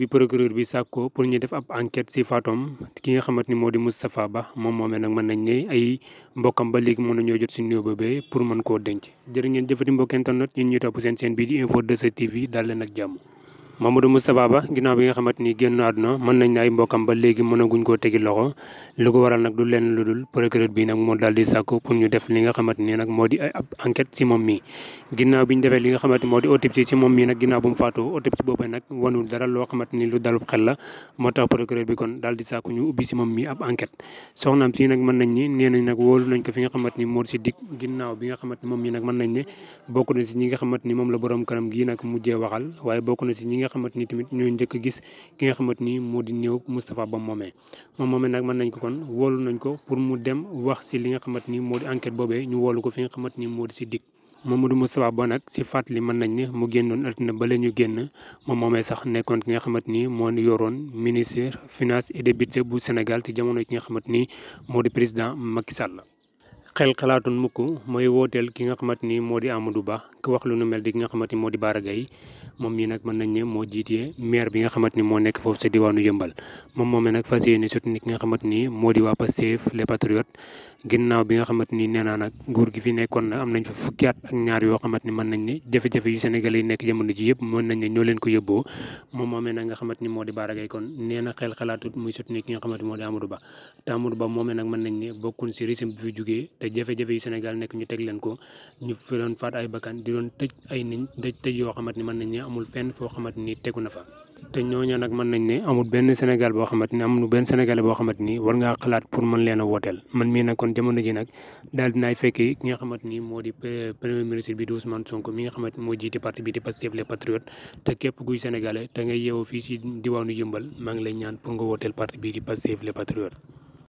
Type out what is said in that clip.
bi procureur bi ko pour ñu def ab enquête si faatoom ki nga xamante ni moo di Moustapha Ba moom moomee nag mën nañ ne ay mbokkam ba léegi mën ñoo jot si néew boobee pour mën koo denc jër ngeen jëfati mbokk internet ñun ñuy topp seen seen bii di info 2S TV daal leen ak Mamadou Moustapha Ba ginnaaw bi nga xamante ni génn àdduna mën nañ ne ay mbokkam ba léegi mënaguñ koo tegi loxo li ko waral nag du leen lu dul procureur bi nag moo daal di sàkku pour ñu def li nga xamante ni nag moo di ab enquête si moom mii ginnaaw bi ñu defee li nga xamante moo di autopsie si moom mii nag ginnaaw bu mu faatoo autopsie boobu nag wanul dara loo xamante ni lu dalub xel la moo tax procureur bi kon daal di sàkku ñu ubbi si moom mii ab enquête soxnaam si nag mën nañ ni nee nañ nag wóolu nañ ko fi nga xamante ni moom na si la borom kanam gii nag mujjee waxal waaye bokk nga xamante ni tamit ñoo njëkk gis ki nga xamante ni moo di néew Moustapha Ba moomee moom moomee nag mën nañ ko kon woolu nañ ko pour mu dem wax si li nga xamante ni moo di enquête boobee ñu woolu ko fi nga xamante ni moo di si dig Mamadou Moustapha Ba nag si fàttali mën nañ ne mu génnoon altine ba la ñu génn moom moomee sax nekkoon ki nga xamante ni moo yoroon ministre finance et des budget bu Sénégal ci jamono ki nga xamante ni moo di président Macky Sall xel xalaatun mukk mooy wooteel ki nga xamante ni moo di Amadou Ba ku wax lu nu mel di ki nga xamante ni moo di Bara Gaye moom nag mën nañ moo jiitee maire bi nga xamante ni moo nekk foofu sa diwaanu yëmbal moom moomee nag fas yéene surtout ni ni moo di waa Pastef les bi nga xamante ni nee naa nag nguur gi fi nekkoon na am nañ fa at ak ñaar yoo xamante ni mën nañ ne jafe-jafe yu Sénégal yi nekk jamono ji yëpp mën nañ ne leen ko yóbboo moom moomee nag nga ni moo di Bara Gaye kon nee na xel xalaatut muy surtout ni ki nga xamante ni moo di Amadou mën nañ ne bokkuñ si régime bi fi jugee te jafe-jafe yu Sénégal nekk ñu teg leen ko ñu fi doon faat ay bakkan di doon tëj ay niñ daj tëj yoo xamante ni mën nañ ne amul fenn foo benn Sénégal boo xamante ni amul benn Sénégalais boo xamante ni war ngaa xalaat pour mën leen a wooteel man mii nag kon jamono ji nag daal dinaay fekki ki nga xamante ni moo di eh, premier ministre bi di Ousmane mi nga xamante moo jiite parti bi di Pastef les Patriotes te képp kuy Sénégalais te ngay yeewoo fii ci diwaanu Yëmbal maa